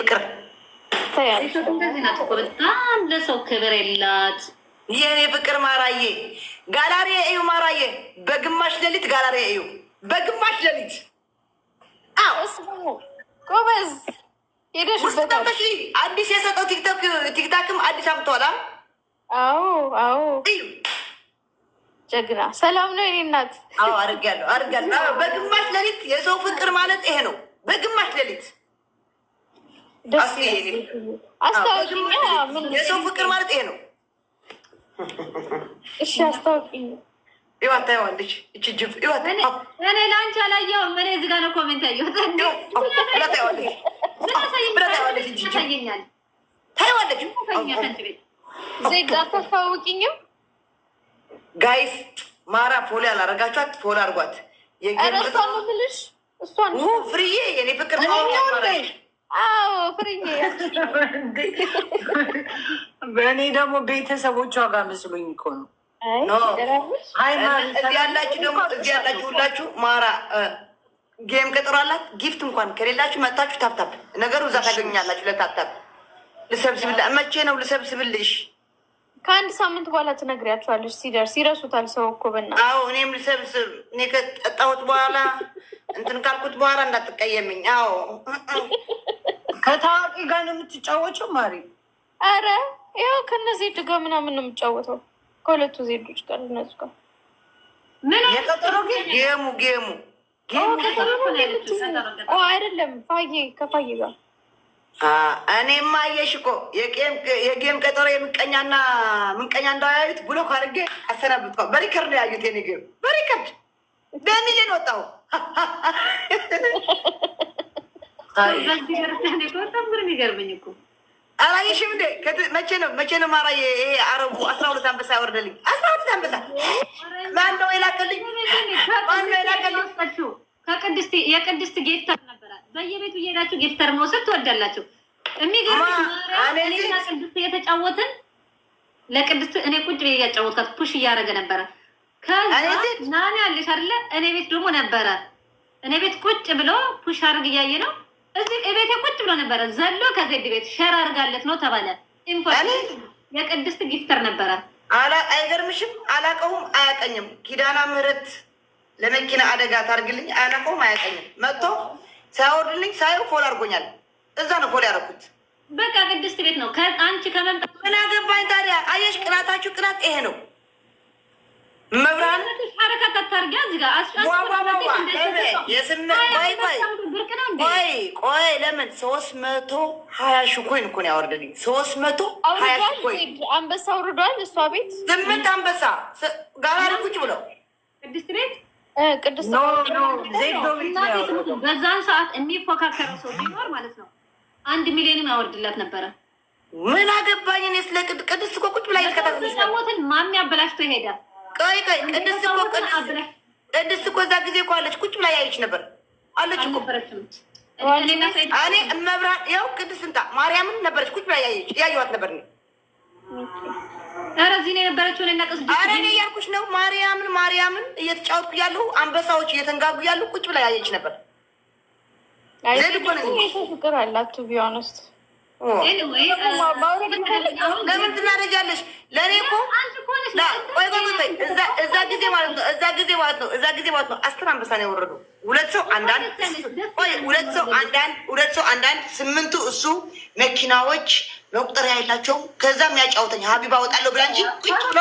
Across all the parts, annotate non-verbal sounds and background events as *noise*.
ፍቅር በጣም ለሰው ክብር የላት የኔ ፍቅር ማራዬ ጋላሪ እዩ ማራዬ በግማሽ ሌሊት ጋላሪ እዩ በግማሽ ሌሊት ጎበዝ ሄደሽበታለሽ። አዲስ የሰጠው ቲክታክም አዲስ አምጥቷል። አዎ አዎ፣ ጀግና ሰላም ነው የኔ እናት። አዎ አድርጊያለሁ አድርጊያለሁ። በግማሽ ሌሊት የሰው ፍቅር ማለት ይሄ ነው። በግማሽ ሌሊት የሰው ፍቅር ማለት ይሄ ነው። እሺ አስታውቂኝ። ይዋታ ጅብ እኔ ለአንቺ አላየሁም። እዚህ ጋር ነው ኮሜንት ያየሁት። ጋይስ ማራ ፎሎ ያላረጋችኋት ፎሎ ፍርዬ የኔ ፍቅር *laughs* በእኔ ደግሞ ቤተሰቦቿ ጋር መስሎኝ እኮ ነው። ያላችሁ ደግሞ እዚህ ያላችሁ ሁላችሁ ማራ ጌም ቅጥር ጊፍት እንኳን ከሌላችሁ መታችሁ ታብታብ ነገሩ እዛ ታገኛላችሁ። ለታብታብ ልሰብስብላ መቼ ነው ልሰብስብልሽ? ከአንድ ሳምንት በኋላ ትነግሪያቸዋለች። ሲደርስ ይረሱታል። ሰው እኮ በእናትህ። አዎ እኔም ልሰብስብ። እኔ ከጠጣሁት በኋላ እንትን ካልኩት በኋላ እንዳትቀየምኝ። አዎ ከታዋቂ ጋር ነው የምትጫወቸው ማሪ? አረ ያው ከነዚህ ዜድ ጋር ምናምን ነው የምጫወተው። ከሁለቱ ዜዶች ጋር እነሱ ጋር የቀጠሮ ጌሙ ጌሙ አይደለም ፋዬ ከፋዬ ጋር እኔማ አየሽ እኮ የጌም ቀጠሮ የምቀኛና ምንቀኛ እንዳያዩት ብሎ አድርጌ አሰናብት። በሪከርድ ያዩት የኔ ጌም በሪከርድ በሚሊዮን ወጣው። አላየሽም እንዴ? መቼ ነው መቼ ነው ማራ አረቡ አስራ ሁለት አንበሳ ያወርደልኝ። አስራ ሁለት አንበሳ ማነው የላከልኝ? ማነው የላከልኝ? የቅድስት ጌታ ነበር በየቤቱ እየሄዳችሁ ጊፍተር መውሰድ ትወዳላችሁ። የሚገርምቅዱስ የተጫወትን ለቅድስት እኔ ቁጭ ብዬ እያጫወትካት ፑሽ እያደረገ ነበረ። ከናን ያለሽ አለ እኔ ቤት ደግሞ ነበረ። እኔ ቤት ቁጭ ብሎ ፑሽ አድርግ እያየ ነው። እዚህ ቤቴ ቁጭ ብሎ ነበረ ዘሎ ከዜድ ቤት ሸር አድርጋለት ነው ተባለ። የቅድስት ጊፍተር ነበረ። አይገርምሽም? አላቀውም፣ አያቀኝም። ኪዳና ምህረት ለመኪና አደጋ ታርግልኝ። አላቀውም፣ አያቀኝም መጥቶ ሳያወርድልኝ ሳይ ፎል አድርጎኛል። እዛ ነው ፎል ያደረኩት። በቃ ቅድስት ቤት ነው አንቺ ከመምጣት ምን አገባኝ ታዲያ? አየሽ፣ ቅናታችሁ ቅናት ይሄ ነው። መብራን አረካት አታርጊ። እዚህ ጋር ቆይ ለምን ሶስት መቶ ሀያ ኮይን ሶስት መቶ ሀያ ኮይን አንበሳ እሷ ቤት ስምንት አንበሳ ብለው ቅድስት ቤት በዛን ሰዓት የሚፎካከረው ሰው ቢኖር ማለት ነው አንድ ሚሊዮንም ያወርድላት ነበረ። ምን አገባኝ እኔ ስለ ቅድስት እኮ ቁጭ ብላ የተከታተለችሰዎትን ማሚ አበላሽቶ ይሄዳል። ቆይ ቆይ ቅድስት እኮ ቅድስት እኮ እዛ ጊዜ እኮ አለች፣ ቁጭ ብላ ያየች ነበር አለች እኮ እኔ መብራት ያው ቅድስት እንታ ማርያምን ነበረች ቁጭ ብላ ያየች ያየዋት ነበር እኔ ኧረ እዚህ ነው የነበረችው። እኔ እያልኩሽ ነው ማርያምን ማርያምን እየተጫወትኩ ያሉ አንበሳዎች እየተንጋጉ ያሉ ቁጭ ብላ ያየች ነበር። ፍቅር አላችሁ ቢሆንስት ለምን ትናደጃለሽ? ለእኔ እኮ እዛ ጊዜ ማለት ነው እዛ ጊዜ ማለት ነው እዛ ጊዜ ማለት ነው አስር አንበሳ ነው የወረዱ ሁለት ሰው አንዳንድ ሁለት ሰው አንዳንድ ሁለት ሰው አንዳንድ ስምንቱ እሱ መኪናዎች መቁጠሪያ የላቸውም። ከዛም ያጫውተኝ ሀቢባ ወጣለሁ ብላ እንጂ ቁጭ ብሎ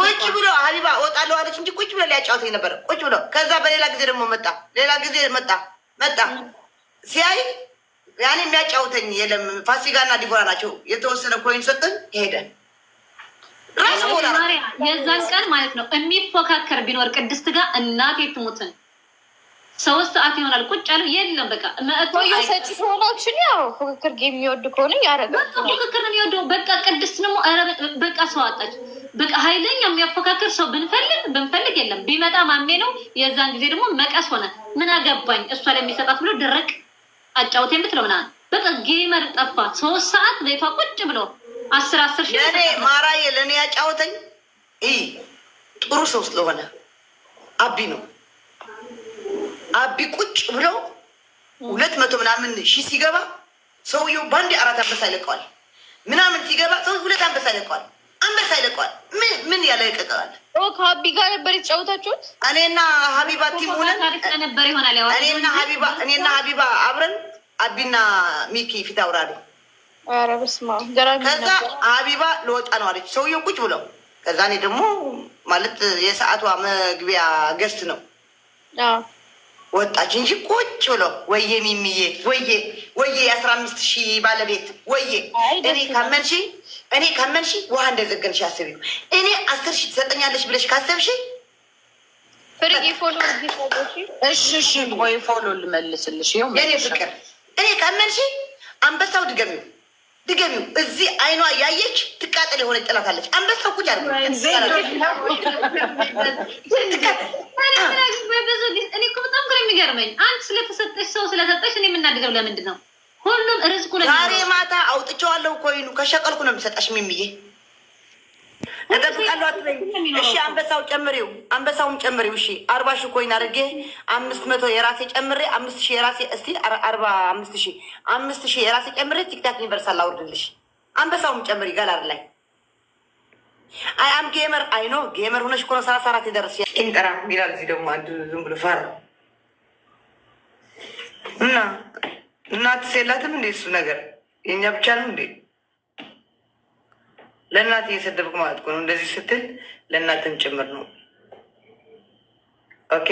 ቁጭ ብሎ ሀቢባ ወጣለሁ አለች እንጂ ቁጭ ብሎ ሊያጫውተኝ ነበረ። ቁጭ ብሎ ከዛ በሌላ ጊዜ ደግሞ መጣ፣ ሌላ ጊዜ መጣ መጣ ሲያይ ያኔ የሚያጫውተኝ የለም። ፋሲካና ዲቦራ ናቸው። የተወሰነ ኮይን ሰጠኝ ይሄደ ራስ የዛን ቀን ማለት ነው የሚፎካከር ቢኖር ቅድስት ጋር እናቴ ትሙትን ሰውስት ሰዓት ይሆናል ቁጭ ያለው የለም። በቃ መእኮዮ ሰጪ ሆናችን ያው ፉክክር የሚወድ ከሆነ ያረጋል። ፉክክር ነው የሚወደው። በቃ ቅድስት ደግሞ በቃ ሰው አጣች። በቃ ኃይለኛ የሚያፎካክር ሰው ብንፈልግ ብንፈልግ የለም። ቢመጣ ማሜ ነው። የዛን ጊዜ ደግሞ መቀስ ሆነ። ምን አገባኝ እሷ ለሚሰጣት ብሎ ድረቅ አጫውት የምትለው ምናምን በቃ ጌመር ጠፋ። ሶስት ሰዓት ቤቷ ቁጭ ብሎ አስር አስር ሺ ለእኔ ማራዬ ለእኔ ያጫወተኝ ጥሩ ሰው ስለሆነ አቢ ነው አቢ ቁጭ ብለው ሁለት መቶ ምናምን ሺህ ሲገባ ሰውየው በአንድ አራት አንበሳ ይለቀዋል። ምናምን ሲገባ ሰው ሁለት አንበሳ ይለቀዋል። አንበሳ ይለቀዋል። ምን ምን ያለ ይቀቀዋል። ከአቢ ጋር ነበር የተጫወታችሁት? እኔና ሀቢባ ቲም ሆነን እኔና ሀቢባ እኔና ሀቢባ አብረን አቢና ሚኪ ፊት አውራሉ። ከዛ ሀቢባ ለወጣ ነው አለች። ሰውየው ቁጭ ብለው ከዛ እኔ ደግሞ ማለት የሰዓቷ መግቢያ ገስት ነው ወጣች እንጂ ቁጭ ብሎ ወየ ሚሚዬ ወየ ወየ የአስራ አምስት ሺህ ባለቤት ወየ እኔ ካመንሽ እኔ ካመንሽ ውሃ እንደዘገንሽ አስቢ። እኔ አስር ሺህ ትሰጠኛለች ብለሽ ካሰብሽ እሺ እሺ፣ ወይ ፎሎ ልመልስልሽ። የኔ ፍቅር እኔ ካመንሽ አንበሳው ድገሚው ድገሚው። እዚህ አይኗ ያየች ትቃጠል የሆነ ጥላታለች። አንበሳ ቁጭ አርጉ በጣም ግር የሚገርመኝ አንድ ስለተሰጠች ሰው ስለሰጠች እኔ የምናድገው ለምንድን ነው? ሁሉም ርዝቁ ዛሬ ማታ አውጥቼዋለሁ። ኮይኑ ከሸቀልኩ ነው የሚሰጣሽ ሚሚዬ እጠብቃለሁ አትበይ። እሺ አንበሳው ጨምሬው አንበሳውም ጨምሬው። እሺ አርባ ሺ ኮይን አድርጌ አምስት መቶ የራሴ ጨምሬ አምስት ሺ የራሴ እስቲ አርባ አምስት ሺ አምስት ሺ የራሴ ጨምሬ ቲክታክ ዩኒቨርሳል አውርድልሽ። አንበሳውም ጨምሪ ጋላር ላይ አይ አም ጌመር አይ ኖ ጌመር ሆነሽ እኮ ነው ሰላሳ አራት የደረስሽ። ጤንጠራ ይላል እዚህ ደግሞ አንዱ ዝም ብሎ ፈር እና እናትስ የላትም እንዴ? እሱ ነገር የእኛ ብቻ ነው እንዴ? ለእናት እየሰደብክ ማለት ነው። እንደዚህ ስትል ለእናትም ጭምር ነው። ኦኬ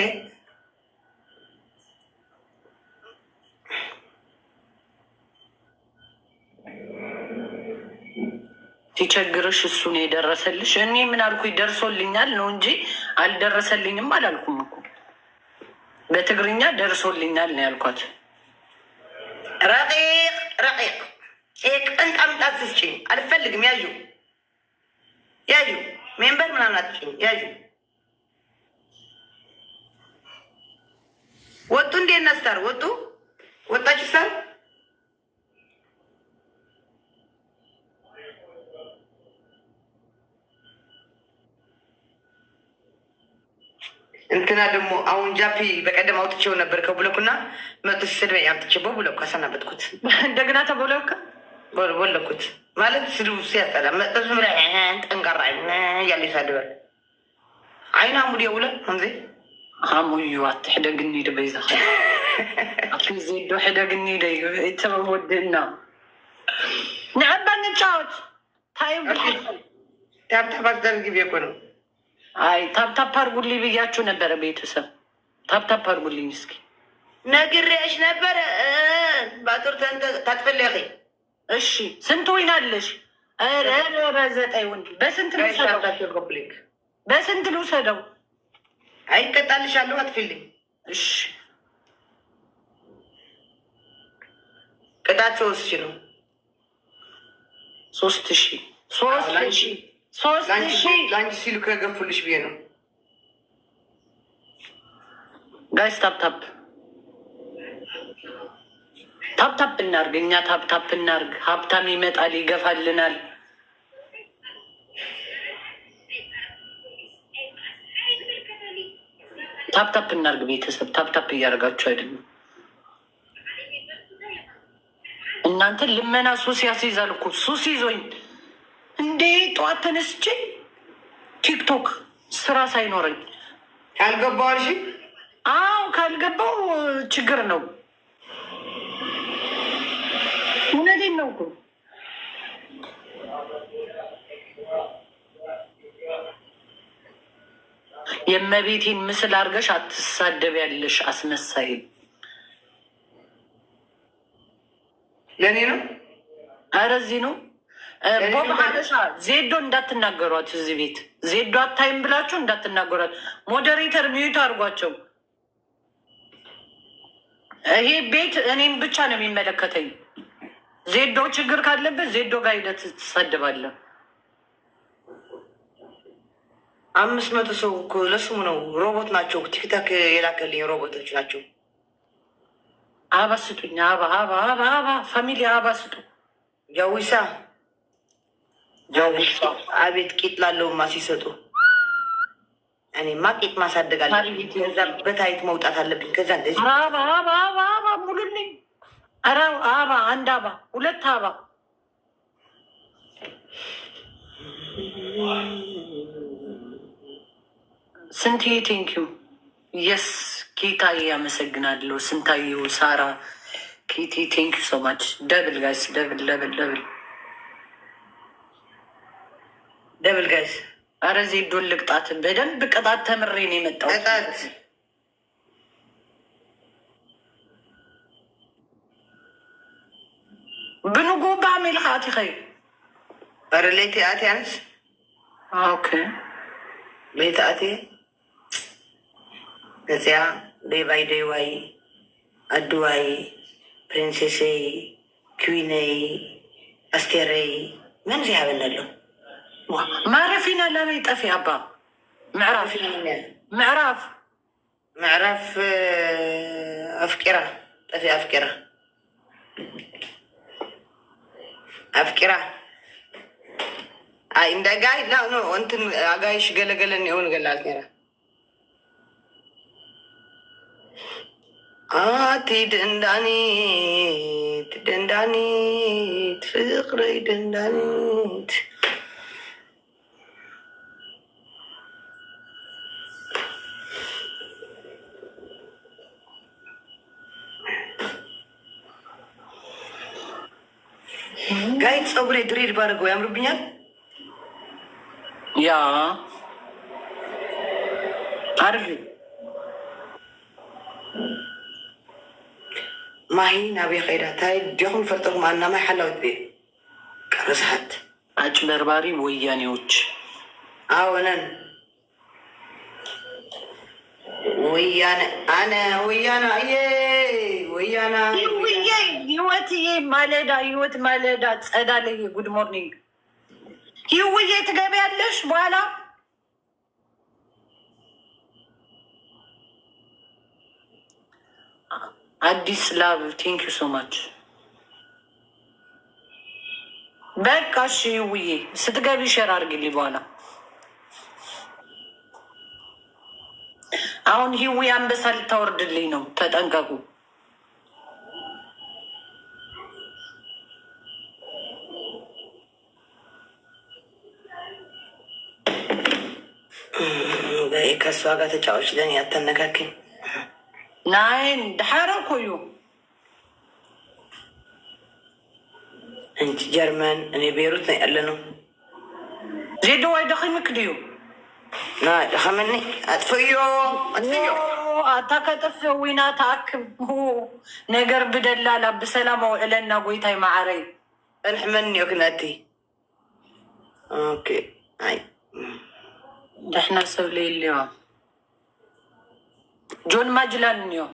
ሲቸግርሽ እሱን የደረሰልሽ። እኔ ምን አልኩ? ደርሶልኛል ነው እንጂ አልደረሰልኝም አላልኩም እኮ። በትግርኛ ደርሶልኛል ነው ያልኳት። ረቂቅ ረቂቅ ቅንጣምጣት ስጭኝ አልፈልግም ያዩ ያዩ ሜምበር ምናምን አትጭኝ። ያዩ ወጡ እንዴ ነስታር ወጡ ወጣች ስታር እንትና ደግሞ አሁን ጃፒ በቀደም አውጥቼው ነበር ከብሎኩና መቶ ስድበ ያምጥቼ በብሎኩ አሰናበጥኩት እንደገና ተብሎክ ወለኩት ማለት ስድቡ ሲያጠላ መጠሱ ምላ ጠንቀራ እያለ ይሳድበል ዓይን ሀሙ የውለ ከምዚ ሀሙ ኣቲ ኣትሕደግኒ ዶ በይዛ ኣትዘ ዶ ሕደግኒ ዶ እዩ እተበብ ወድእና ንዕባ ንጫወት ታዩ ታብታብ ኣስደርግብ የኮነ አይ ታብታብ አርጉሊ ብያችሁ ነበረ ቤተሰብ ታብታብ አርጉልኝ ምስኪ ነግሬሽ ነበረ ባጡር ተንተ ታትፈለኺ እሺ ስንት ወይናለሽ? በዘጠኝ ወንድ በስንት በስንት ልውሰደው? አይቀጣልሻለሁ አትፊልኝ። እሺ ቅጣት ሶስት ሺ ነው። ሶስት ሺ ሶስት ሺ ለአንቺ ሲሉ ከገፉልሽ ብዬ ነው ጋይስ ታፕታፕ ታፕታፕ እናርግ እኛ ታፕታፕ እናርግ። ሀብታም ይመጣል ይገፋልናል። ታፕታፕ እናርግ ቤተሰብ፣ ታፕታፕ እያደረጋችሁ አይደለም እናንተ። ልመና ሱስ ያስይዛል እኮ ሱስ ይዞኝ እንዴ ጠዋት ተነስቼ ቲክቶክ ስራ ሳይኖረኝ ካልገባው አልሽ? አዎ ካልገባው ችግር ነው። ምንድን ነው ግን የእመቤቴን ምስል አድርገሽ አትሳደብ ያለሽ አስመሳይ። ለእኔ ነው። ኧረ እዚህ ነው ዜዶ እንዳትናገሯት። እዚህ ቤት ዜዶ አታይም ብላችሁ እንዳትናገሯት። ሞዴሬተር ሚዩት አድርጓቸው። ይሄ ቤት እኔም ብቻ ነው የሚመለከተኝ። ዜዶ ችግር ካለበት ዜዶ ጋር ሂደት ትሰድባለህ። አምስት መቶ ሰው እኮ ለሱም ነው ሮቦት ናቸው። ቲክታክ የላከልኝ ሮቦቶች ናቸው። አባ ስጡኝ። አባ አባ አባ አባ ፋሚሊ አባ ስጡ። ጃዊሳ ጃዊሳ አቤት ቂጥ ላለውማ ሲሰጡ እኔማ ቂጥ ማሳደግ አለብኝ። ከዛ በታይት መውጣት አለብኝ። ከዛ እንደዚህ አባ አባ አባ ሙሉልኝ አረ አባ አንድ አባ ሁለት አበባ ስንት ቴንኪዩ የስ ኬታዬ ያመሰግናለሁ። ስንታየው ሳራ ኬቴ ቴንኪዩ ሶ ማች ደብል ጋይስ ደብል ደብል ደብል ደብል ጋይስ አረ ዜዶን ልቅጣት በደንብ ቅጣት ተምሬ ነው የመጣው። اتي خي برا ليتي اتي انس يعني؟ اه اوكي ليت اتي نسيا دي باي دي واي ادواي برنسيسي كويني استيري من زي هذا اللون ما عرفينا لا ما يطفي ابا معرف معرف معرف آه، افكره افكره አፍቂራ አይ እንደ ጋይ ላ ኖ እንትን አጋይሽ ገለገለን የሆን ገላ አፍቂራ አትሂድ እንዳኒት ደንዳኒት ፍቅረይ ደንዳኒት ጋይት ፀጉሬ ድሬድ ባደርገው ያምርብኛል? ያ አርግ ማሂ ናቤ ከይዳ ታይ ዲኹም ፈልጦም ማናማይ ሓላዊት ብየ ቀረስሓት አጭበርባሪ ወያኔዎች አዎነን ወያነ አነ ወያና እየ ወያና እትዬ ማለዳ ህይወት ማለዳ ጸዳለ ጉድ ሞርኒንግ ይውዬ ትገቢያለሽ በኋላ አዲስ ላቭ ቴንክ ዩ ሶ ማች በቃ እሺ ይውዬ ስትገቢ ሸር አድርጊልኝ በኋላ አሁን ሂዊ አንበሳ ልታወርድልኝ ነው ተጠንቀቁ ከእሷ ጋር ተጫዋች ለን ያተነካክኝ ናይን ዳሓረ ኮዩ እንቲ ጀርመን እኔ ቤይሩት ናይ ኣለኑ ዜደዋይ ደኺምክ ክድዩ ና ደኸመኒ ኣጥፍዮ ኣጥፍዮ ኣታ ከጥፍ ዊና ተኣክቡ ነገር ብደላላ ብሰላም ኣውዕለና ጎይታይ ማዕረይ ኣልሕመኒ ዮ ክናቲ ኦኬ አይ ደሕና ሰብ ለየልዋ ጆን ማጅላን ነው